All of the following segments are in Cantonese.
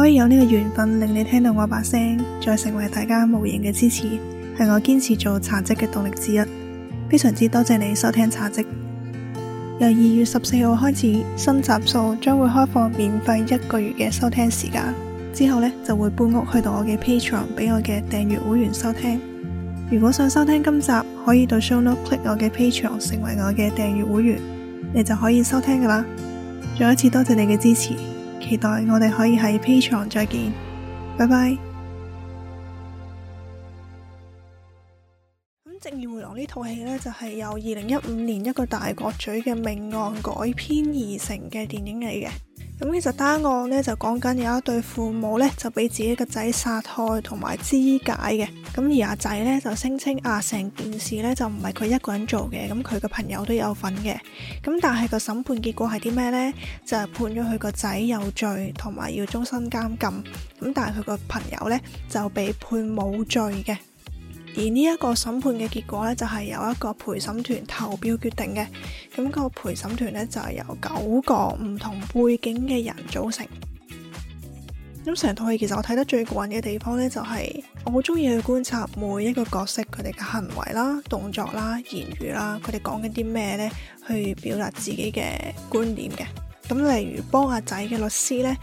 可以有呢個緣分令你聽到我把聲，再成為大家無形嘅支持，係我堅持做茶嘖嘅動力之一。非常之多謝你收聽茶嘖。由二月十四號開始，新集數將會開放免費一個月嘅收聽時間，之後呢，就會搬屋去到我嘅 Patreon 俾我嘅訂閱會員收聽。如果想收聽今集，可以到 show note click 我嘅 Patreon 成為我嘅訂閱會員，你就可以收聽噶啦。再一次多謝你嘅支持。期待我哋可以喺 P 床再見，拜拜。咁《正義迴廊》呢套戲咧，就係由二零一五年一個大角嘴嘅命案改編而成嘅電影嚟嘅。咁其實就單案咧就講緊有一對父母咧就俾自己個仔殺害同埋肢解嘅，咁而阿仔咧就聲稱啊成件事咧就唔係佢一個人做嘅，咁佢嘅朋友都有份嘅，咁但係個審判結果係啲咩呢？就係判咗佢個仔有罪同埋要終身監禁，咁但係佢個朋友咧就被判冇罪嘅。而呢一個審判嘅結果咧，就係由一個陪審團投票決定嘅。咁個陪審團咧就係由九個唔同背景嘅人組成。咁成套戲其實我睇得最過癮嘅地方咧，就係我好中意去觀察每一個角色佢哋嘅行為啦、動作啦、言語啦，佢哋講緊啲咩咧，去表達自己嘅觀點嘅。咁例如幫阿仔嘅律師咧，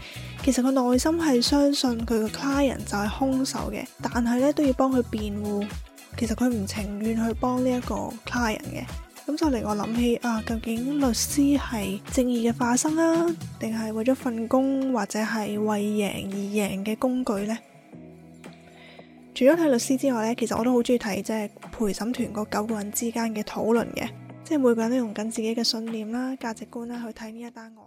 其實個內心係相信佢個 client 就係兇手嘅，但係咧都要幫佢辯護。其實佢唔情願去幫呢一個 client 嘅，咁就令我諗起啊，究竟律師係正義嘅化身啦、啊，定係為咗份工或者係為贏而贏嘅工具呢？除咗睇律師之外呢，其實我都好中意睇即係陪審團嗰九個人之間嘅討論嘅，即係每個人都用緊自己嘅信念啦、價值觀啦去睇呢一單案。